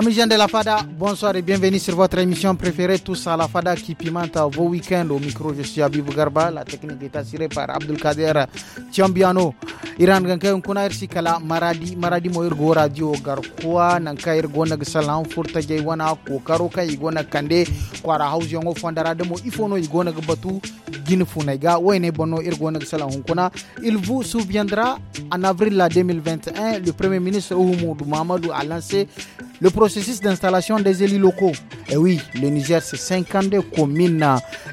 Amis de la Fada, bonsoir et bienvenue sur votre émission préférée Tous à la Fada qui pimente vos week-ends. Au micro, je suis Abibou Garba. La technique est assurée par Abdelkader Tiambiano. Iran gankai kuna irsi kala maradi maradi mo irgo radio garkuwa nan ka irgo na salam furta jai wana kokaro na kande kwara house yongo fondara mo ifono irgo na batu gin wayne Bono irgo na salam hunkuna il vous souviendra en avril la 2021 le premier ministre Oumoudou Mamadou a lancé le processus d'installation des élus locaux. Et eh oui, le Niger, c'est 52 communes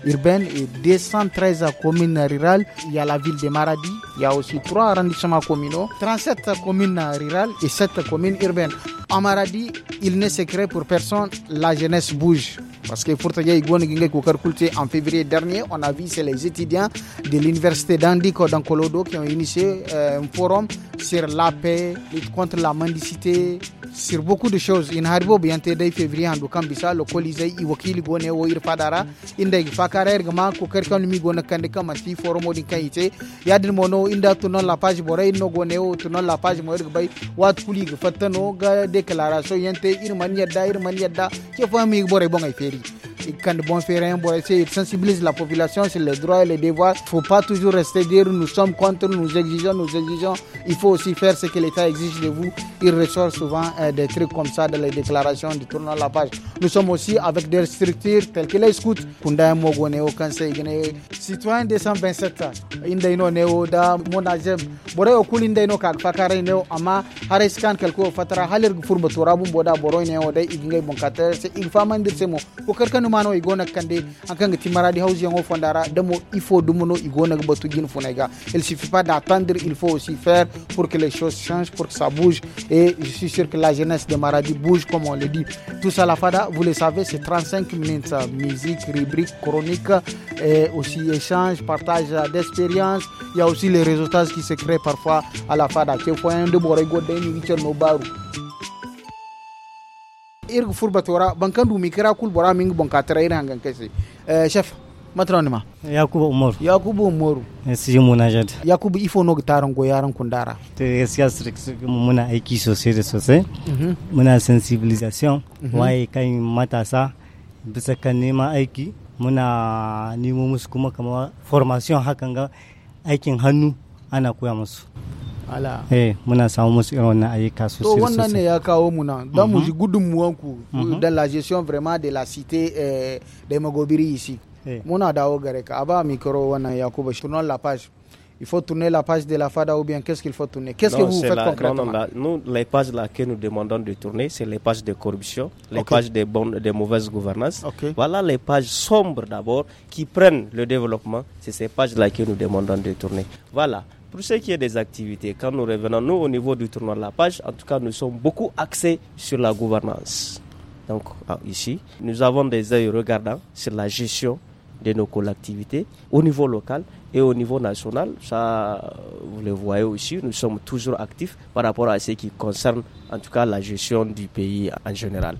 urbaines et 213 communes rurales. Il y a la ville de Maradi, il y a aussi trois arrondissements communaux, 37 communes rurales et 7 communes urbaines. En Maradi, il n'est secret pour personne, la jeunesse bouge. Parce que Fortaya Igouanigingé Koukarkoulte, en février dernier, on a vu, c'est les étudiants de l'université d'Andiko dans Kolodo qui ont initié euh, un forum sur la paix, contre la mendicité, sur beaucoup de choses. en Haribo Biante de février, en Dukambisa, le Colisée, Iwakili Gone, Oir Fadara, Indeg Fakare, Gama, Koukarkanumi Gone Kandeka, Masti, Forum a Yadin Mono, Inda Tunon la page Bore, No Gone, Tunon la page Moer Bay, Wat Kulig, Fatano, Déclaration Yente, Irmania Da, Irmania Da, Kefami Borei Bongay Féri mairie. Et quand bon rien bon il sensibilise la population sur les droits et les devoirs. Il ne faut pas toujours rester dire nous sommes contre, nous exigeons, nous exigeons. Il faut aussi faire ce que l'État exige de vous. Il ressort souvent euh, des trucs comme ça dans les déclarations de tournant la page. Nous sommes aussi avec des structures telles que les scouts. Kunda Mogone au Conseil Citoyen 227 indaino neo da monajem. Bore okul indaino Kak, fakare neo ama Hariskan, kelko fatara halir gfurma turabum boda boroy neo da igingay bonkate se igfamandir se mo il faut il suffit pas d'attendre il faut aussi faire pour que les choses changent pour que ça bouge et je suis sûr que la jeunesse de Maradi bouge comme on le dit tout ça la fada vous le savez c'est 35 minutes musique rubrique chronique et aussi échange partage d'expérience il y a aussi les résultats qui se créent parfois à la fada irgu furba tora bankan dumi kira kul bora ming bonka tara ina hangan kaise eh, chef matron ma yakubu umar yakubu eh, si siji na jad yakubu ifo no gitaran go yaran kundara to gaskiya muna aiki sosai da sosai mhm. muna sensibilisation mhm. waye kan matasa bisa kan nima aiki muna nemo musu kuma kamar formation hakan ga aikin hannu ana koya musu eh muna samu musu wannan ayyuka sosai to wannan ne ya kawo mu don mhm. mu ji mhm. da la gestion vraiment de la cité eh, de Mogobiri ici eh. muna dawo gare ka aba micro wannan yakuba la page Il faut tourner la page de la FADA ou bien qu'est-ce qu'il faut tourner Qu'est-ce que vous faites concrètement Nous, les pages là que nous demandons de tourner, c'est les pages de corruption, les pages de, bonne, de mauvaise gouvernance. Voilà les pages sombres d'abord qui prennent le développement. C'est ces pages là que nous demandons de tourner. Voilà. Pour ce qui est des activités, quand nous revenons, nous, au niveau du tournoi de la page, en tout cas, nous sommes beaucoup axés sur la gouvernance. Donc, ah, ici, nous avons des yeux regardants sur la gestion de nos collectivités au niveau local et au niveau national. Ça, vous le voyez aussi, nous sommes toujours actifs par rapport à ce qui concerne en tout cas la gestion du pays en général.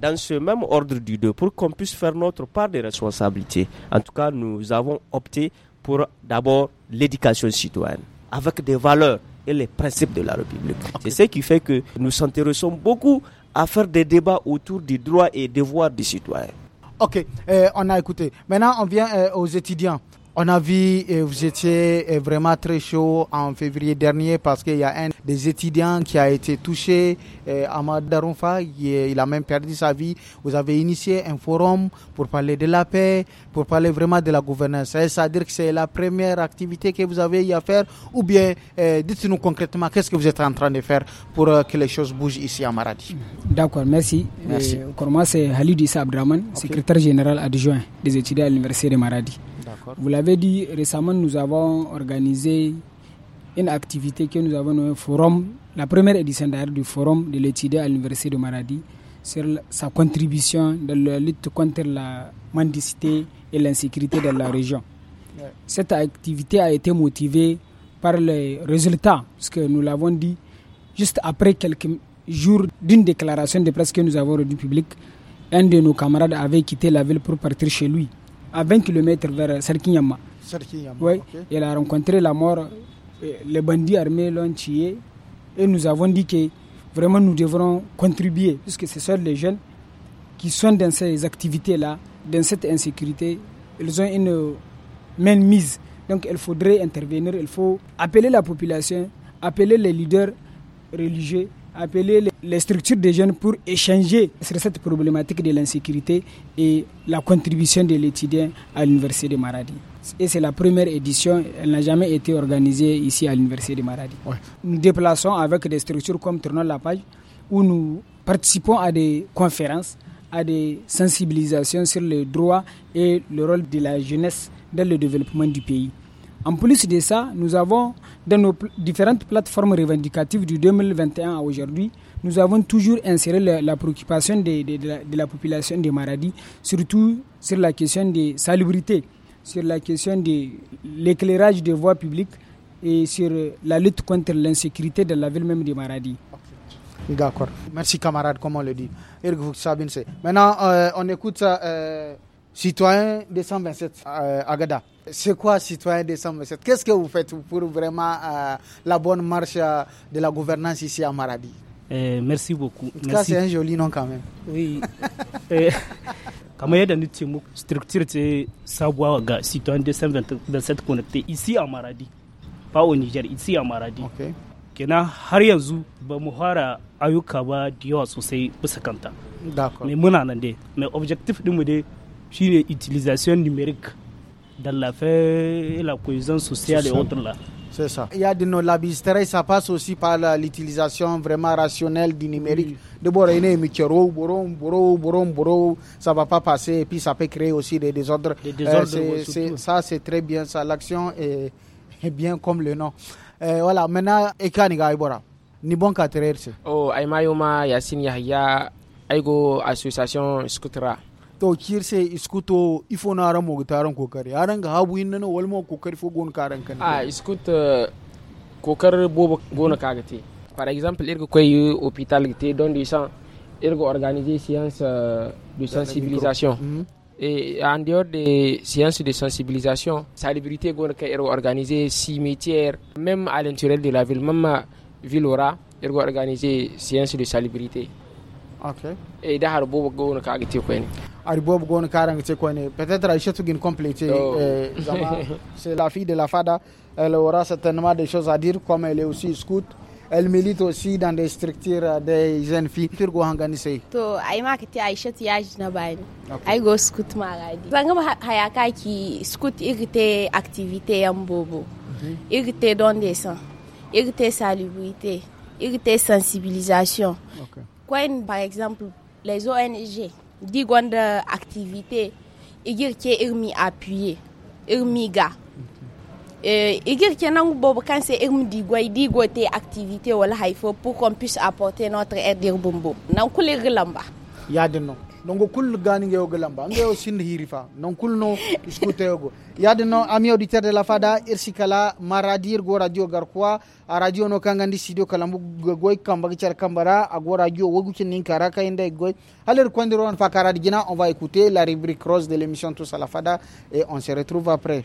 Dans ce même ordre du deux, pour qu'on puisse faire notre part des responsabilités, en tout cas, nous avons opté pour d'abord l'éducation citoyenne avec des valeurs et les principes de la République. C'est ce qui fait que nous s'intéressons beaucoup à faire des débats autour des droits et devoirs des citoyens. Ok, euh, on a écouté. Maintenant, on vient euh, aux étudiants. On a vu, et euh, vous étiez euh, vraiment très chaud en février dernier parce qu'il y a un des étudiants qui a été touché, euh, Ahmad Darunfa, il a même perdu sa vie. Vous avez initié un forum pour parler de la paix, pour parler vraiment de la gouvernance. C'est-à-dire que c'est la première activité que vous avez eu à faire ou bien dites-nous concrètement qu'est-ce que vous êtes en train de faire pour que les choses bougent ici à Maradi. D'accord, merci. merci. pour moi, c'est Halid Issa Abdraman, secrétaire général adjoint des étudiants à l'Université de Maradi. Vous l'avez dit, récemment, nous avons organisé une activité que nous avons nommée Forum, la première édition d'ailleurs du Forum de l'étude à l'Université de Maradi sur sa contribution dans la lutte contre la mendicité et l'insécurité dans la région. Cette activité a été motivée par les résultats, que nous l'avons dit juste après quelques jours d'une déclaration de presse que nous avons rendue publique. Un de nos camarades avait quitté la ville pour partir chez lui à 20 km vers Serkinyama. Elle a rencontré la mort. Euh, les bandits armés l'ont tué. Et nous avons dit que vraiment nous devrons contribuer, puisque ce sont les jeunes qui sont dans ces activités-là, dans cette insécurité. Ils ont une main mise. Donc il faudrait intervenir, il faut appeler la population, appeler les leaders religieux appeler les structures des jeunes pour échanger sur cette problématique de l'insécurité et la contribution de l'étudiant à l'Université de Maradi. Et c'est la première édition, elle n'a jamais été organisée ici à l'Université de Maradi. Nous déplaçons avec des structures comme Tournons la page, où nous participons à des conférences, à des sensibilisations sur les droits et le rôle de la jeunesse dans le développement du pays. En plus de ça, nous avons dans nos différentes plateformes revendicatives du 2021 à aujourd'hui, nous avons toujours inséré la, préoccupation de, la, population de Maradi, surtout sur la question des salubrités, sur la question de l'éclairage des voies publiques et sur la lutte contre l'insécurité de la ville même de Maradi. D'accord. Merci camarade, comme on le dit. Maintenant, euh, on écoute... Euh Citoyen 227 euh, Agada, c'est quoi Citoyen 227 Qu'est-ce que vous faites pour vraiment euh, la bonne marche euh, de la gouvernance ici à Maradi eh, Merci beaucoup. En c'est un joli nom quand même. Oui. Comme je l'ai dit, la structure de savoir que citoyen 227 connecté ici à maradi Pas au niger ici à maradi Ok. kenan har yanzu ba mu fara ba Mais yawa sosai mais l'objectif de objectif de de sur l'utilisation numérique dans l'affaire et la cohésion sociale et autres là. C'est ça. Il y a de nos labistérés, ça passe aussi par l'utilisation vraiment rationnelle du numérique. De Boron, Boron, Boron, Boron, ça va pas passer et puis ça peut créer aussi des désordres. Euh, ça, c'est très bien. Ça, l'action est, bien comme le nom. Euh, voilà, maintenant, et Ibora. Ni bon Oh, Yassine Yahya, Aigo, Association Scutra to kirse iskuto ifona aran mo gitaran kokari aran ga habu inna no walmo kokari fo gon karan kan ah iskut kokar bobo gona kagate par exemple irgo koy hôpital gite don du sang irgo organiser séance euh, de sensibilisation mhm. et en dehors des de sensibilisation salubrité gona kay irgo organiser cimetière même à l'intérieur de la ville même villora aura irgo organiser séance de salubrité ok et dahar bobo gona kagate koy Aribob Gon Karangsekwane. Peut-être Aïcha Tougin compléter. Eh, oh. c'est eh, la fille de la FADA. Elle aura certainement des choses à dire, comme elle est aussi scout. Elle milite aussi dans des structures euh, des jeunes filles. Turgo Hanganisei. To, ma Kiti Aïcha Tiaj Nabani. Aïgo scout Maradi. Zangam Hayaka qui scout irrité activité en bobo. Mhm. Irrité don dessin. Irrité salubrité. Irrité sensibilisation. Okay. Quand, par exemple, les ONG digonda activité igir ke irmi appuyer irmi ga euh igir ke nangu bobo kan se irmi digoy digo activités activité wala il faut pour qu'on puisse apporter notre aide dirbumbu nan y a ya dinno donc kul gani ngeo gelamba ngeo sin hirifa non no ami auditeur de la fada irsikala maradir go radio garkwa a radio no kangandi studio kalambu goy Kamba, char kambara radio wogu karaka inda goy haler kwandiro on fakara on va écouter la rubrique rose de l'émission tous à la fada et on se retrouve après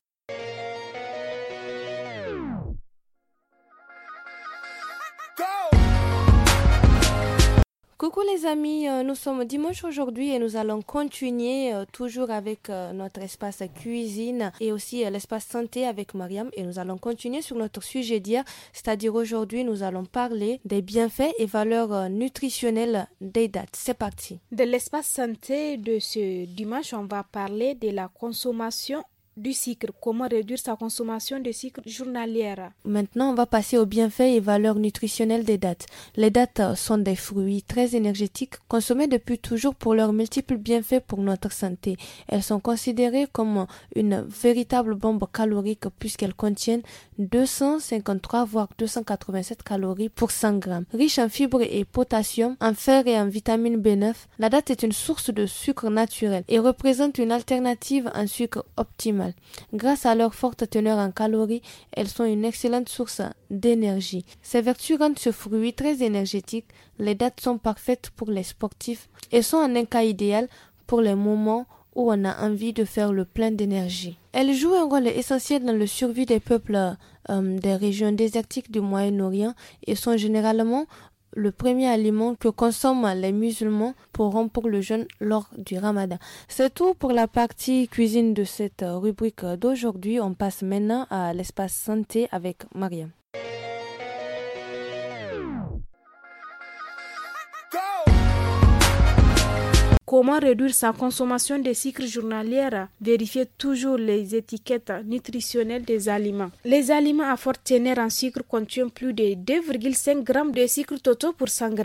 Coucou les amis, euh, nous sommes dimanche aujourd'hui et nous allons continuer euh, toujours avec euh, notre espace cuisine et aussi l'espace santé avec Mariam et nous allons continuer sur notre sujet d'hier, c'est-à-dire aujourd'hui nous allons parler des bienfaits et valeurs nutritionnelles des dates. C'est parti. De l'espace santé de ce dimanche, on va parler de la consommation du sucre, comment réduire sa consommation de sucre journalière. Maintenant, on va passer aux bienfaits et valeurs nutritionnelles des dates. Les dates euh, sont des fruits très énergétiques consommés depuis toujours pour leurs multiples bienfaits pour notre santé. Elles sont considérées comme une véritable bombe calorique puisqu'elles contiennent 253 voire 287 calories pour 100 grammes. Riche en fibres et potassium, en fer et en vitamine B9, la date est une source de sucre naturel et représente une alternative en sucre optimal Grâce à leur forte teneur en calories, elles sont une excellente source d'énergie. Ces vertus rendent ce fruit très énergétique. Les dates sont parfaites pour les sportifs et sont un cas idéal pour les moments où on a envie de faire le plein d'énergie. elles jouent un rôle essentiel dans le survie des peuples euh, des régions désertiques du Moyen-Orient et sont généralement le premier aliment que consomment les musulmans pour rompre le jeûne lors du ramadan. C'est tout pour la partie cuisine de cette rubrique d'aujourd'hui. On passe maintenant à l'espace santé avec Maria. Comment réduire sa consommation de sucre journalière Vérifiez toujours les étiquettes nutritionnelles des aliments. Les aliments à forte teneur en sucre contiennent plus de 2,5 g de sucre total pour 100 g.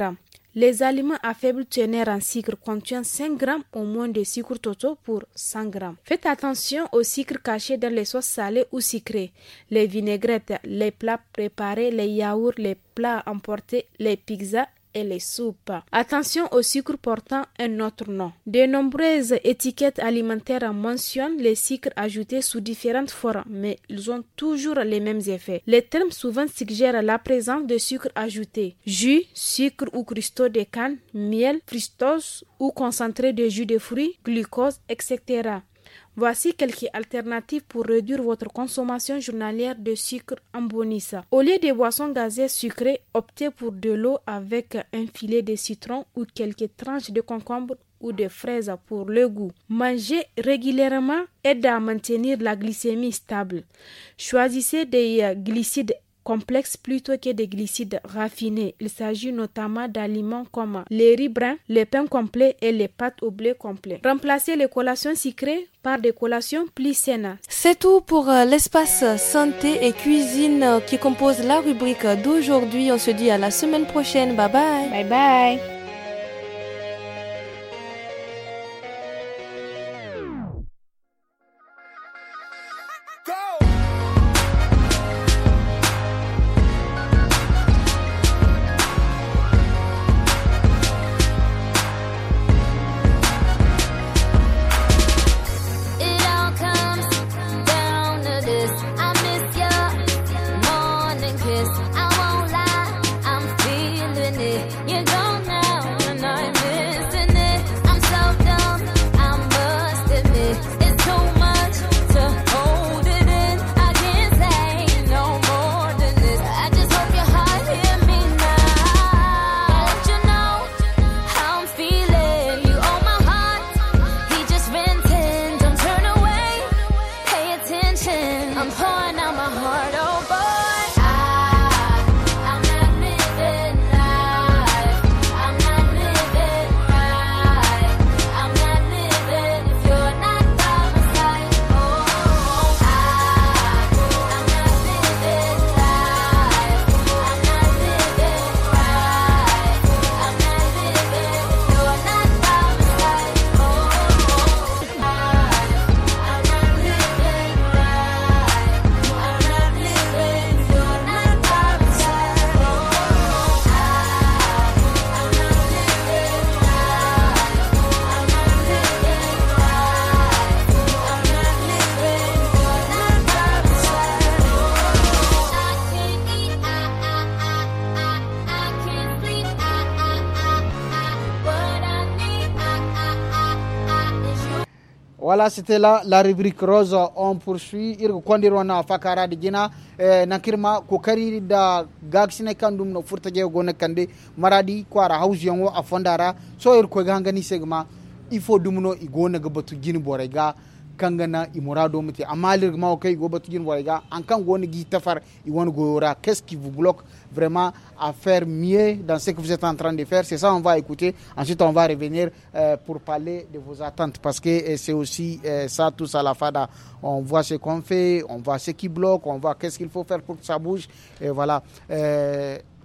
Les aliments à faible teneur en sucre contiennent 5 g au moins de sucre total pour 100 g. Faites attention aux sucre cachés dans les sauces salées ou sucrées, les vinaigrettes, les plats préparés, les yaourts, les plats emportés, les pizzas les soupes. Attention au sucre portant un autre nom. De nombreuses étiquettes alimentaires mentionnent les sucres ajoutés sous différentes formes, mais ils ont toujours les mêmes effets. Les termes souvent suggèrent la présence de sucres ajoutés. Jus, sucre ou cristaux de canne, miel, fristose ou concentré de jus de fruits, glucose, etc. Voici quelques alternatives pour réduire votre consommation journalière de sucre en bonissa. Au lieu des boissons gazées sucrées, optez pour de l'eau avec un filet de citron ou quelques tranches de concombre ou de fraises pour le goût. Manger régulièrement aide à maintenir la glycémie stable. Choisissez des glucides complexes plutôt que des glucides raffinés. Il s'agit notamment d'aliments comme les riz bruns, les pains complets et les pâtes au blé complet. Remplacer les collations sucrées par des collations plus saines. C'est tout pour euh, l'espace euh, santé et cuisine euh, qui compose la rubrique d'aujourd'hui. On se dit à la semaine prochaine. Bye bye. Bye bye. voilà c'était là la rubrique rose on poursuit irgo kondirwo na fakarade jina e nakirma ko kariri da gagsine kan dum no furta je gona kande maradi ko ara hausiyon a fondara so irko ga hangani segma il faut dum no igona ga batu gini borega kangana amalir ma go i won go qu'est-ce qui vous bloque vraiment à faire mieux dans ce que vous êtes en train de faire c'est ça on va écouter ensuite on va revenir euh, pour parler de vos attentes parce que euh, c'est aussi euh, ça tout ça, la fada on voit ce qu'on fait on voit ce qui bloque on voit qu'est-ce qu'il faut faire pour que ça bouge et voilà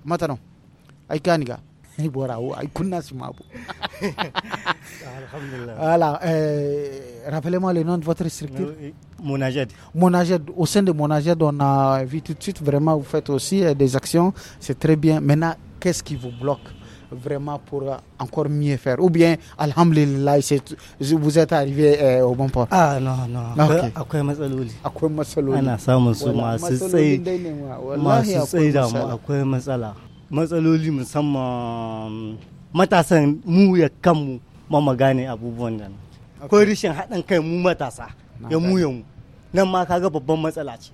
maintenant Aïkaniga Oh, ah, voilà euh, rappelez-moi le nom de votre structure euh, eh, Monajed Monaged au sein de Monajed on a vu tout de suite vraiment vous faites aussi eh, des actions c'est très bien maintenant qu'est-ce qui vous bloque vraiment pour euh, encore mieux faire Ou bien, alhamdulillah, vous êtes arrivé eh, au bon port Ah non, non. A ah, quoi Ana samun matsaloli musamman matasan mu ya kanmu ma gane abubuwan nan ko rishin haɗin kai mu matasa ya mu ya mu nan ma kaga babban matsala ce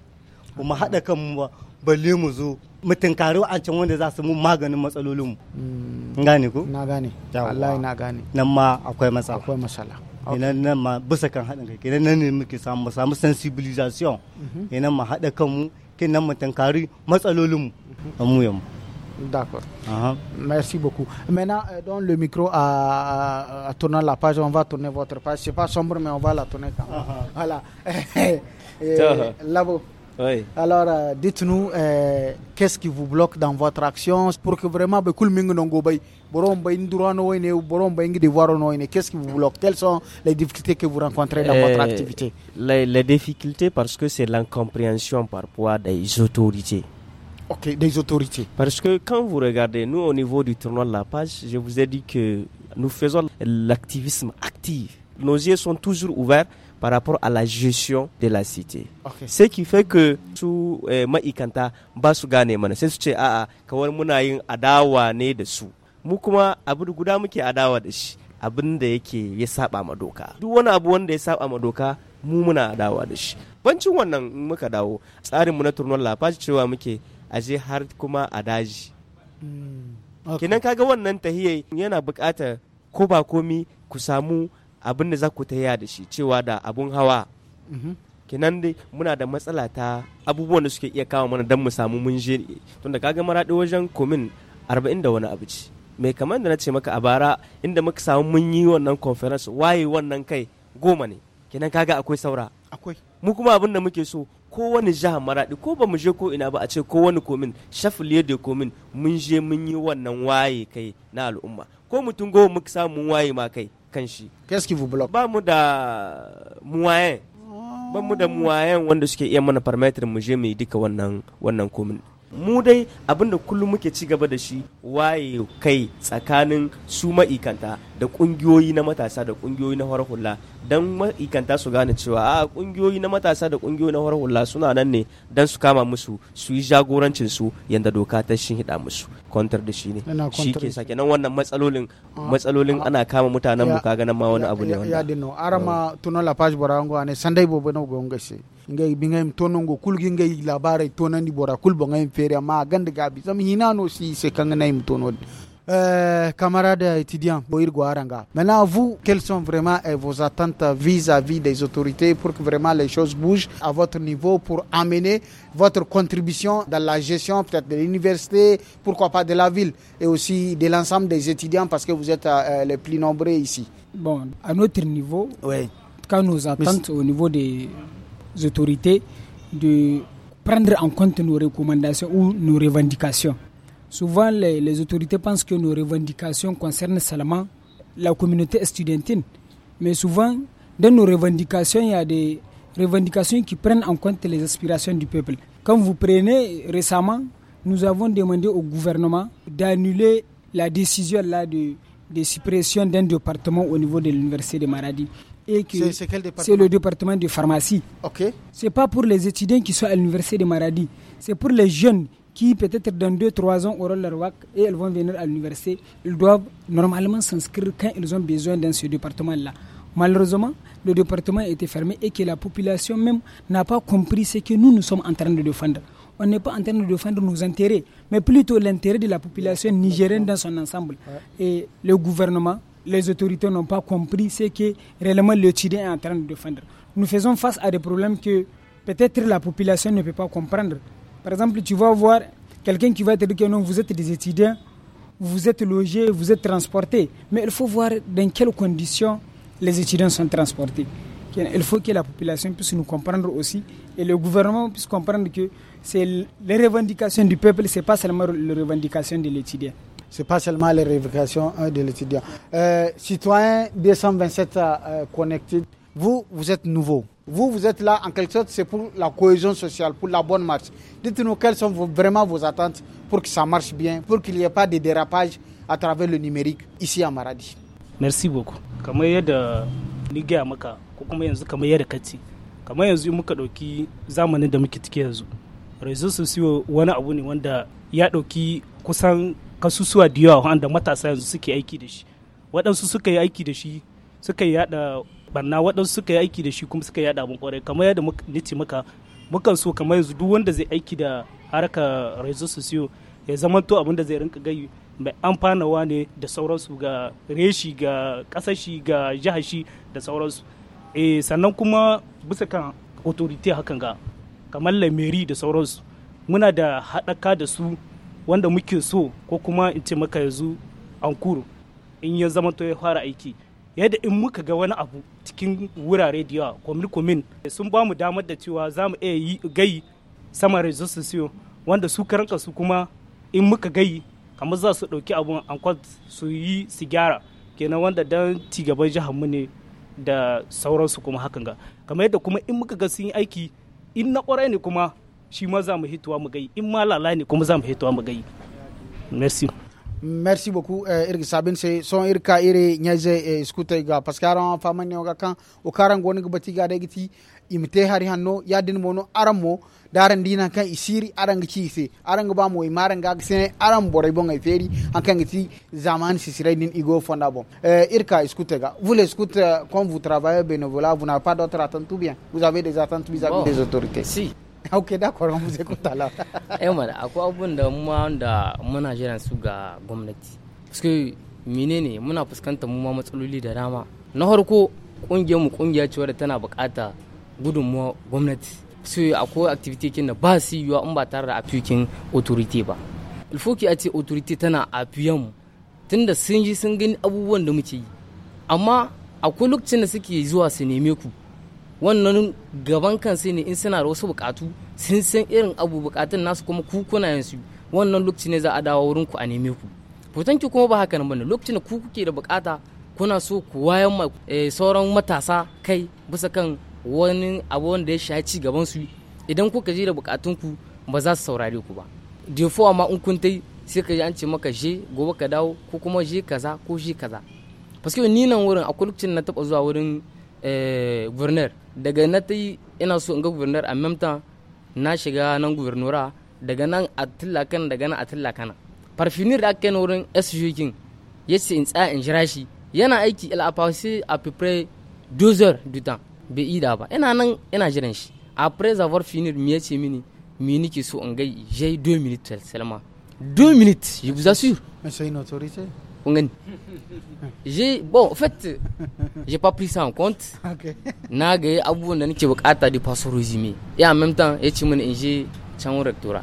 kuma haɗa kanmu ba balle mu zo mutum an can wanda za su mu maganin matsalolinmu mm. gane ko na gane wallahi na gane nan ma akwai matsala akwai matsala ina nan ma bisa kan haɗin kai kenan nan ne muke samu mu samu sensibilisation ina mhm. ma haɗa kanmu kenan mu tunkari matsalolinmu mhm. mu D'accord. Merci beaucoup. Maintenant, euh, donne le micro à, tourner la page. On va tourner votre page. C'est pas sombre, mais on va la tourner quand même. Voilà. Alors, euh, dites-nous, euh, qu'est-ce qui vous bloque dans votre action pour que vraiment, qu'est-ce qui vous bloque Quelles sont les difficultés que vous rencontrez dans votre activité les, les difficultés, parce que c'est l'incompréhension parfois des autorités. Ok, des autorités Parce que quand vous regardez, nous au niveau du tournoi de la page, je vous ai dit que nous faisons l'activisme actif. Nos yeux sont toujours ouverts par rapport à la gestion de la cité. Ce qui fait que su eh, ma'aikanta ba su gane mana sai su ce que kawai muna yin adawa ne da su. Mu kuma abu guda muke adawa da shi sont da yake ya saba ma doka. Duk wani abu wanda ya saba ma doka mu muna adawa da shi. Bancin wannan muka dawo tsarinmu na turnon lafashi cewa muke a je har kuma a daji hmm, kinan kaga wannan tahiyai yana buƙatar ko ba komi ku samu abin da za ku tahiya da shi cewa da abun hawa mhm. kinan dai muna da matsala ta abubuwan da suke iya kawo mana don mu samu mun je tunda kaga maraɗi wajen komin arba'in da wani abu ce mai kamar da na ce maka a bara inda muka samu mun yi wannan conference waye wannan kai goma ne kenan kaga akwai saura akwai mu kuma abin da muke so kowane jihar maradi ko ba mu je ko ina ba a ce kowane komin shafil yadda komin mun je mun yi wannan waye kai na al'umma ko mutum goma muka samu mun waye ma kai kan shi ba mu da muwayen ba mu da muwayen wanda suke iya mana parameter mu je mu yi duka wannan wannan komin mu dai abinda kullum muke ci gaba da shi waye kai tsakanin su ma'ikanta da kungiyoyi na matasa da kungiyoyi na hula don ma'ikanta su gane cewa a kungiyoyi na matasa da kungiyoyi na hula suna nan ne don su kama musu su yi jagorancin su yadda doka ta shi hida musu kwantar da shi ne shi ke sake nan wannan matsalolin ah. matsalolin ana kama mutanen mu kaga nan ma wani abu ne wanda ya dinno arama mm. page borango ne sandai bobo na ngay bi ngay tonon go kul gi ngay tonan bora kul bo en fere gande gabi sam hinano si se kang nay euh, camarades étudiants, Maintenant, vous, quelles sont vraiment eh, vos attentes vis-à-vis des autorités pour que vraiment les choses bougent à votre niveau pour amener votre contribution dans la gestion peut-être de l'université, pourquoi pas de la ville et aussi de l'ensemble des étudiants parce que vous êtes euh, euh, les plus nombreux ici Bon, à notre niveau, oui. quand nos attentes au niveau des autorités de prendre en compte nos recommandations ou nos revendications. Souvent, les, autorités pensent que nos revendications concernent seulement la communauté estudiantine. Mais souvent, dans nos revendications, il y a des revendications qui prennent en compte les aspirations du peuple. Comme vous prenez récemment, nous avons demandé au gouvernement d'annuler la décision là de, de suppression d'un département au niveau de l'université de Maradi et que c'est le département de pharmacie. Ok. C'est pas pour les étudiants qui sont à l'université de Maradi, c'est pour les jeunes qui peut-être dans 2-3 ans auront leur WAC et elles vont venir à l'université. Ils doivent normalement s'inscrire quand ils ont besoin dans ce département-là. Malheureusement, le département a été fermé et que la population même n'a pas compris ce que nous, nous sommes en train de défendre. On n'est pas en train de défendre nos intérêts, mais plutôt l'intérêt de la population nigérienne dans son ensemble. Et le gouvernement, les autorités n'ont pas compris, ce que réellement le est en train de défendre. Nous faisons face à des problèmes que peut-être la population ne peut pas comprendre. Par exemple, tu vas voir quelqu'un qui va te dire que non, vous êtes des étudiants, vous êtes logés, vous êtes transportés. Mais il faut voir dans quelles conditions les étudiants sont transportés. Il faut que la population puisse nous comprendre aussi et le gouvernement puisse comprendre que c'est les revendications du peuple, ce n'est pas seulement les revendications de l'étudiant. Ce n'est pas seulement les révocations hein, de l'étudiant. Euh, citoyen 227 euh, Connected, vous, vous êtes nouveau. Vous, vous êtes là, en quelque sorte, c'est pour la cohésion sociale, pour la bonne marche. Dites-nous quelles sont vraiment vos attentes pour que ça marche bien, pour qu'il n'y ait pas de dérapage à travers le numérique ici à Maradi. Merci beaucoup. yanzu kasusuwa da yawa wanda matasa yanzu suke aiki da shi waɗansu suka yi aiki da shi suka yi yada barna waɗansu suka yi aiki da shi kuma suka yada abin kwarai kamar yadda nace maka mukan so kamar yanzu duk wanda zai aiki da haraka rezo sosiyo ya zamanto abin da zai rinka gayi mai amfanawa ne da sauransu ga reshi ga kasashi ga jihashi da sauransu e, sannan kuma bisa kan authority hakan ga kamar lameri da sauransu muna da haɗaka da su wanda muke so ko kuma in ce maka yanzu an kuro in ya zama to ya fara aiki yadda in muka ga wani abu cikin wurare da yawa komin komin sun ba mu damar da cewa za mu iya yi gayi sama siyo wanda su karanka su kuma in muka gayi kamar za su ɗauki abu an su yi su gyara kenan wanda don gaban jihar mu ne da sauransu kuma hakan ga kamar yadda kuma in muka ga sun yi aiki in na kwarai ne kuma shi ma za mu hituwa mu gai in ma lala ne kuma za mu hituwa mu gai merci merci beaucoup eh, irga sabin sai son irka ire nyaje eh, skute ga paskara fama ne ga kan o karan goni ga batiga da giti imte hari hanno ya din mono aramo daran dina kan isiri aran ga kise aran ga ba mo imaran ga sene aran borai bon ai feri an kan giti zaman si sirai din igo fonda bon eh, irka skute ga vous les scouts quand vous travaillez bénévolat vous n'avez pas d'autres attentes ou bien vous avez des attentes vis-à-vis -vis bon. des autorités si ok da kwaron mu zai kuta la eh mana akwai abubuwan da mu wanda muna jiran su ga gwamnati suke menene muna fuskantar mu ma matsaloli da dama na farko kungiyar mu kungiya ce wadda tana bukata gudunmuwa gwamnati su akwai activity kin da ba su yiwa in ba tare da afikin authority ba ilfoki a ce authority tana afiyan mu tunda sun yi sun gani abubuwan da muke yi amma akwai lokacin da suke zuwa su neme ku wannan gaban kansu ne in suna da wasu bukatu sun san irin abu bukatun nasu kuma ku yansu wannan lokaci ne za a dawo wurinku a neme ku hotonki kuma ba haka nan bane lokacin da ku kuke da bukata kuna so ku wayan eh, sauran matasa kai bisa kan wani abu wanda ya shaci ci gaban su idan kuka je da bukatun ku ba za su saurare ku ba defo amma in kun tai sai ka ji an ce maka je gobe ka dawo ko kuma je kaza ko je kaza paske ni nan wurin akwai lokacin na taba zuwa wurin Eh, gouverneur daga na ta yi ina so in ga gouverneur a memta na shiga nan gouverneura daga nan a tillakan daga nan a tillakana parfinir da aka yi wurin sg ya ce in tsaya in jira shi yana aiki al'afasi a pipre dozer temps. bai yi da ba ina nan ina jiran shi a avoir finir mi ya ce mini me nike so in yi jai 2 minutes selma 2 minutes je vous assure mais c'est une autorité j'ai bon en fait j'ai pas pris ça en compte na ga abubuwan da nake bukata da faso resume ya même temps ya ce mun in je can wurin rectora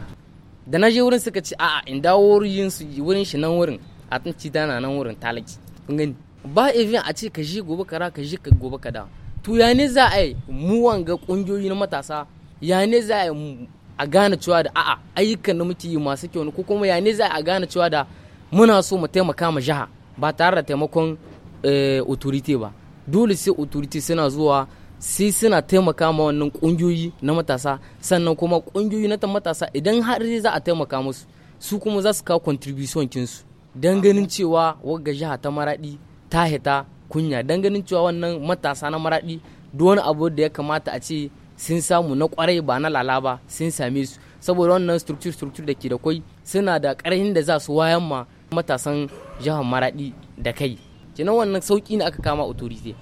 da na je wurin suka ce a'a in dawo wurin su wurin shi nan wurin a tun ci dana nan wurin talaki kun ba even a ce ka je gobe kara ka je gobe ka da to ya ne za a yi mu wanga kungiyoyi na matasa ya ne za a yi a gane cewa da a'a ayyukan da muke yi masu kyau ko kuma ya ne za a gane cewa da muna so mu taimaka ma jiha ba tare da taimakon eh, authority ba dole sai authority suna zuwa sai suna taimaka ma wannan kungiyoyi na matasa sannan kuma kungiyoyi na matasa idan har za a taimaka musu su kuma za su kawo contribution kinsu dan ganin cewa wagga jiha ta maradi ta hita kunya dan ganin cewa wannan matasa na maradi duk wani abu da ya kamata a ce sun samu na kwarai ba na lala ba sun same su saboda wannan structure structure da ke da kwai suna da karhin da za su wayan ma matasan jihar maradi da kai kenan wannan sauki ne aka kama authority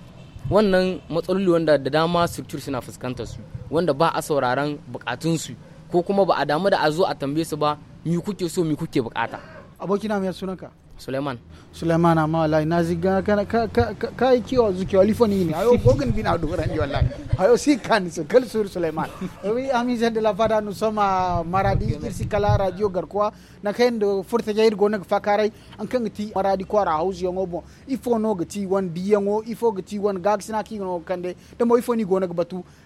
wannan matsaloli wanda da dama structure suna fuskantar su wanda ba a sauraron su ko kuma ba a damu da a zo a tambaye su ba mi kuke so mi kuke bukata abokina mai sunanka Suleiman. Suleiman amma wallahi na ziga ka ka kiwa zuki walifo ni ni ayo ran wallahi ayo si kan kal sur Suleiman wi ami zan de la fada nu soma maradi kala radio na kain do furta jair go fakarai an kan ti maradi ko ra hausi yongo bo ifo no gati wan ifo gati wan ki no kande mo ifo ni go batu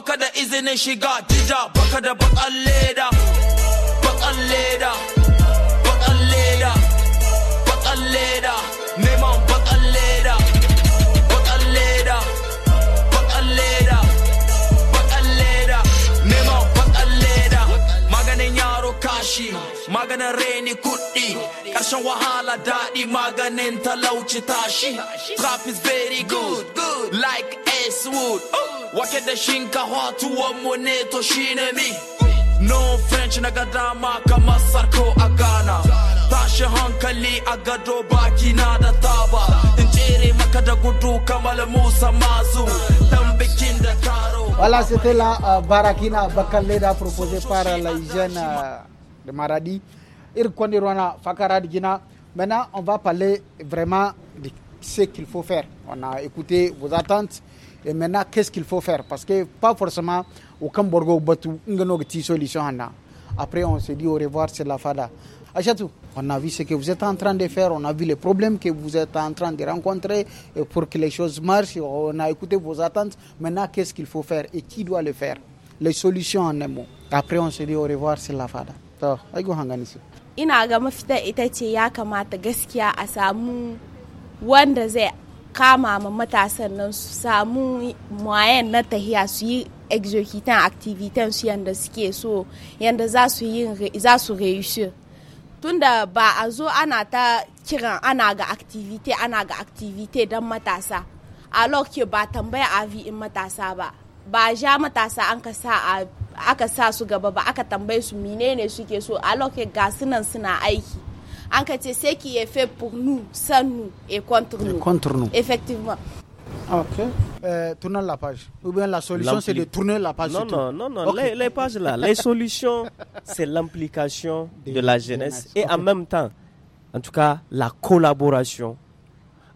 Baka da izinin shiga jija baka da bakan leda bakan leda bakan leda bakan leda neman bakan leda bakan leda bakan leda bakan leda neman bakan leda maganin yaro kashi maganin reni kuɗi ƙarshen wahala daɗi maganin talauci tashi trap is very good, good. like S wood. Oh. wakende shinka watu wamwone toshine mi no french na gadama kama sarko agana tashi hankali a baki na da taba in jere maka da musa mazu dan bikin da taro voilà c'était la euh, barakina bakaleda proposée par la jeunes euh, de maradi irkondirona fakarad gina maintenant on va parler vraiment de ce qu'il faut faire on a écouté vos attentes et maintenant, qu'est-ce qu'il faut faire Parce que pas forcément au Camborgo on a une solution. Après, on se dit au revoir, c'est la fada. Achatou, on a vu ce que vous êtes en train de faire, on a vu les problèmes que vous êtes en train de rencontrer et pour que les choses marchent. On a écouté vos attentes. Maintenant, qu'est-ce qu'il faut faire et qui doit le faire Les solutions en un mot. Après, on se dit au revoir, c'est la fada. Ina ga mafita ita ce ya kamata gaskiya a kama ma matasan nan su samu mayan na tahiya su yi executan activitan su yanda suke so yanda za su yi za su tunda ba a zo ana ta kiran ana ga activity ana ga activity don matasa a ke ba tambaya avi in matasa ba ba ja matasa an ka sa aka sa su gaba ba aka tambaye su menene suke so a lokacin ga suna aiki c'est ce qui est fait pour nous, sans nous et contre nous. Contre nous. Effectivement. Ah, ok. Euh, tournons la page. Ou bien la solution, c'est de tourner la page. Non, non, non, non, les, pages là. les solutions, c'est l'implication de, la jeunesse et en même temps, en tout cas, la collaboration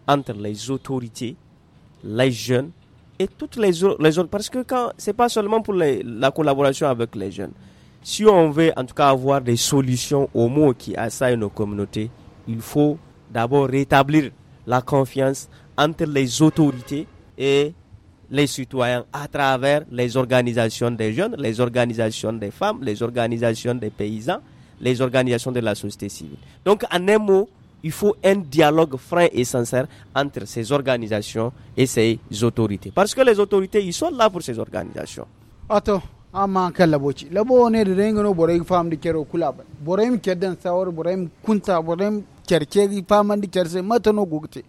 entre les autorités, les jeunes et toutes les, les autres. Parce que quand c'est pas seulement pour la collaboration avec les jeunes. Si on veut en tout cas avoir des solutions aux mots qui assaillent nos communautés, il faut d'abord rétablir la confiance entre les autorités et les citoyens à travers les organisations des jeunes, les organisations des femmes, les organisations des paysans, les organisations de la société civile. Donc en un mot, il faut un dialogue franc et sincère entre ces organisations et ces autorités. Parce que les autorités, ils sont là pour ces organisations. Attends, amma laboci labo ne no kero kula ba borai mi keddan kunta borai mi kerke gi fam kerse mata gugte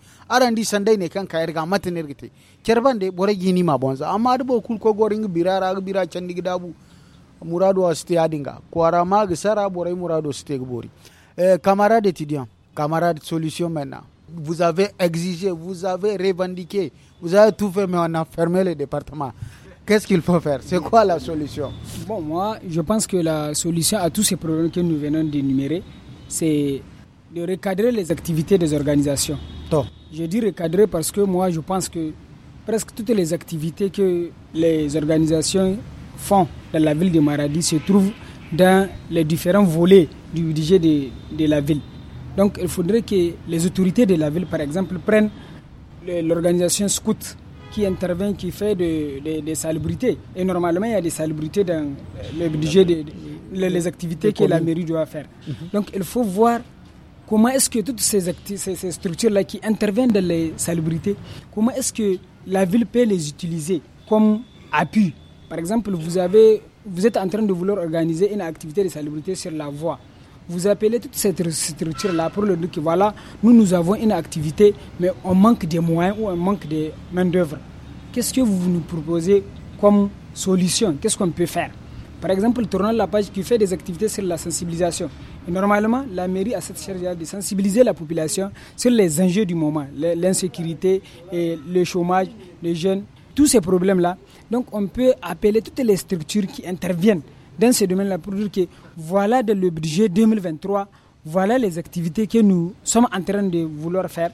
sandai ne kan kayar ga mata ne gite gini birara bira chandigdabu dabu murado aste adinga kwara ma sara murado ste ga eh camarade étudiant camarade solution maintenant vous avez exigé vous avez revendiqué vous avez tout fait mais on a fermé le département Qu'est-ce qu'il faut faire C'est quoi la solution Bon, moi, je pense que la solution à tous ces problèmes que nous venons d'énumérer, c'est de recadrer les activités des organisations. Je dis recadrer parce que moi, je pense que presque toutes les activités que les organisations font dans la ville de Maradi se trouvent dans les différents volets du budget de, de la ville. Donc, il faudrait que les autorités de la ville, par exemple, prennent l'organisation scout qui intervient, qui fait des salubrités. Et normalement, il y a des salubrités dans le budget, de, les, activités que la mairie doit faire. Mhm. Donc il faut voir comment est-ce que toutes ces, ces, ces structures-là qui interviennent dans les salubrités, comment est-ce que la ville peut les utiliser comme appui. Par exemple, vous, avez, vous êtes en train de vouloir organiser une activité de salubrité sur la voie vous appelez toute cette structure-là pour le dire que voilà, nous, nous avons une activité, mais on manque des moyens ou on manque de main-d'œuvre. Qu'est-ce que vous nous proposez comme solution Qu'est-ce qu'on peut faire Par exemple, tournant la page qui fait des activités sur la sensibilisation. Et normalement, la mairie a cette charge de sensibiliser la population sur les enjeux du moment, l'insécurité, et le chômage, les jeunes, tous ces problèmes-là. Donc, on peut appeler toutes les structures qui interviennent dans ce domaine-là pour dire que voilà le budget 2023, voilà les activités que nous sommes en train de vouloir faire.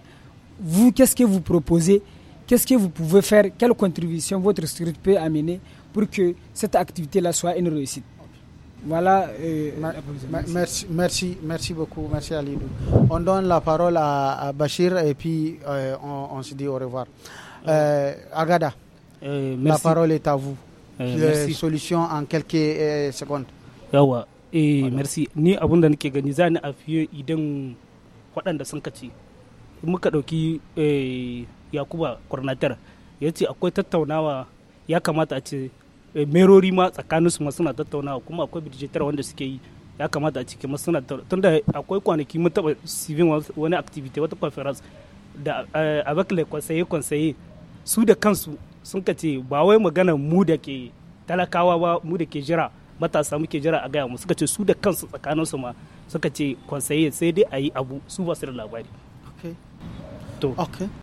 Vous, qu'est-ce que vous proposez Qu'est-ce que vous pouvez faire Quelle contribution votre structure peut amener pour que cette activité-là soit une réussite voilà. Euh, merci, merci, merci beaucoup, merci Alidou. On donne la parole à, Bachir et puis euh, on, se dit au revoir. Euh, Agada, la parole est à vous. Eh, merci. solution en quelques eh, secondes. yawa eh merci ni abun da nake gani za ni a fiye idan waɗanda sun kace muka ɗauki eh, yakuba kwarnatar ya ce akwai tattaunawa ya kamata a ce merori ma tsakaninsu ma suna tattaunawa kuma akwai bidijetar wanda suke yi ya kamata a cikin suna tunda akwai kwanaki mun taba civil wani activity wata conference da a bakle kwansaye kwansaye su da kansu sun ka ce ba wai magana mu da ke talakawa ba mu da ke jira matasa muke jira a gaya mu suka ce su da kansu tsakaninsu ma suka ce kwansaye sai dai a yi abu su ba su da labari to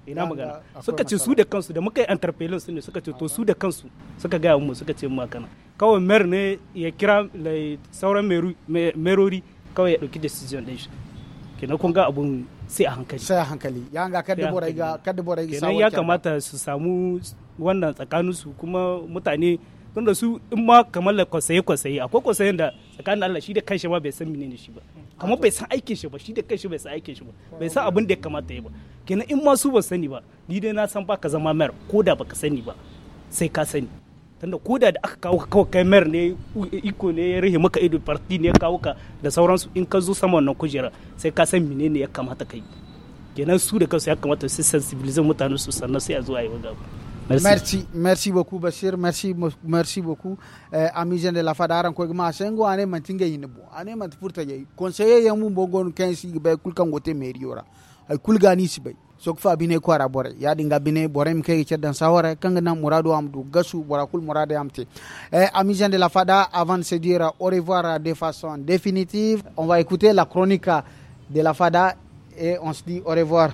ina magana suka ce su da kansu da muka yi interpellin su ne suka ce to su da kansu suka gaya mu suka ce makana kawai mer ne ya kira sauran merori kawai ya ɗauki decision ɗin shi kenan kun ga abun sai a hankali sai a hankali ya hanga kadda borai ga kadda borai ga sawa ya kamata su samu wannan tsakanin su kuma mutane tunda su in ma kamar la kwasaye kwasaye akwai kwasayen da tsakanin Allah shi da kanshi ma bai san menene shi ba kamar bai san aikin shi ba shi da kanshi bai san aikin shi ba bai san abin da ya kamata ya ba kenan in ma su ba sani ba ni dai na san ka zama mayar ko da baka sani ba sai ka sani tunda ko da aka kawo ka kawai kai mayar ne iko ne ya rihe maka ido parti ne ya kawo ka da sauransu in ka zo sama wannan kujera sai ka san mine ne ya kamata kai kenan su da kansu ya kamata su sensibilize mutane su sannan sai a zo a yi wani Merci. merci. beaucoup Bashir merci merci beaucoup euh, ami de la fadaran ko ma sengo ane mantinga bo ane mant yi conseiller yamu bogon kensi be kulkan gote meriora ay kulgani sibai so fa bine ko ara bore ya dinga bine bore mi kay ceddan sawara kanga na muradu am du gasu bora kul muradu am te eh, amis de la fada avant de se dire au revoir de façon définitive on va écouter la chronique de la fada et on se dit au revoir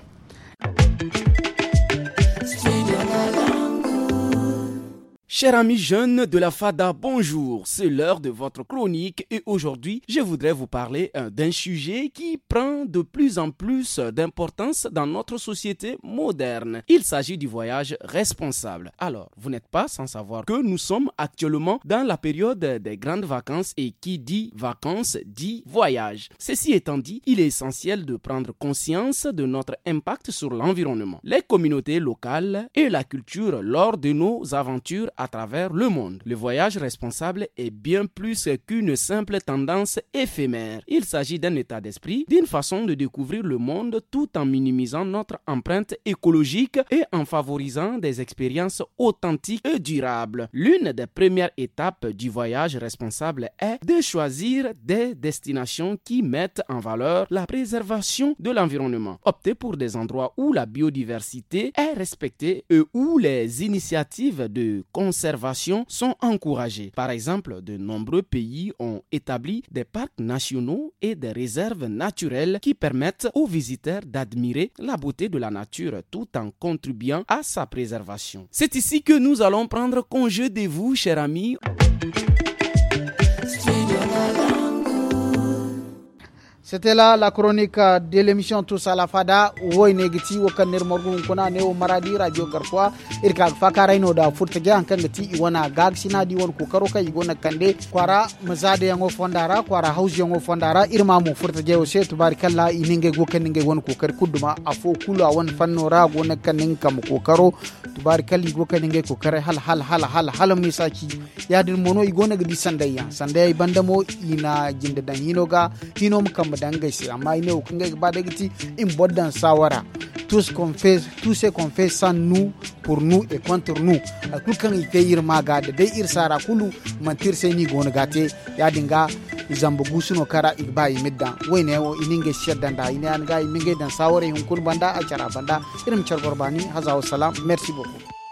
Chers amis jeunes de la FADA, bonjour, c'est l'heure de votre chronique et aujourd'hui je voudrais vous parler euh, d'un sujet qui prend de plus en plus d'importance dans notre société moderne. Il s'agit du voyage responsable. Alors, vous n'êtes pas sans savoir que nous sommes actuellement dans la période des grandes vacances et qui dit vacances dit voyage. Ceci étant dit, il est essentiel de prendre conscience de notre impact sur l'environnement, les communautés locales et la culture lors de nos aventures à à travers le monde. Le voyage responsable est bien plus qu'une simple tendance éphémère. Il s'agit d'un état d'esprit, d'une façon de découvrir le monde tout en minimisant notre empreinte écologique et en favorisant des expériences authentiques et durables. L'une des premières étapes du voyage responsable est de choisir des destinations qui mettent en valeur la préservation de l'environnement. Optez pour des endroits où la biodiversité est respectée et où les initiatives de conservation sont encouragées. Par exemple, de nombreux pays ont établi des parcs nationaux et des réserves naturelles qui permettent aux visiteurs d'admirer la beauté de la nature tout en contribuant à sa préservation. C'est ici que nous allons prendre congé de vous, chers amis. C'était là la chronique de l'émission Tous à la Fada. Woy negiti wo kan morgun kuna ne maradi radio garkwa irka fakara ino da furta ge hankan gati iwana gag sina di won kokaro kai gona kande kwara mazade yango fondara kwara house yango fondara irma mu furta ge wo se tubarikallah ininge go kan ninge won kokar kuduma afo kula won fannora gona kan ninka mu kokaro tubarikalli go kan ninge kokare hal hal hal hal hal mi saki ya dir mono igona gidi sandaya sandaya banda mo ina jinda dan hino ga hino mo dangasi amma ina ku kinga ba dagiti boddan sawara tous confesse tous se confessant nous pour nous et contre nous akul kan ife ir ga da dai ir sara kulu mantir sai ni gona gate ya dinga zambu gusuno kara igba imidda wayne o ininge sheddanda ina an ga iminge dan sawara hun kun banda a cara banda irim chargorbani hazaw salam merci beaucoup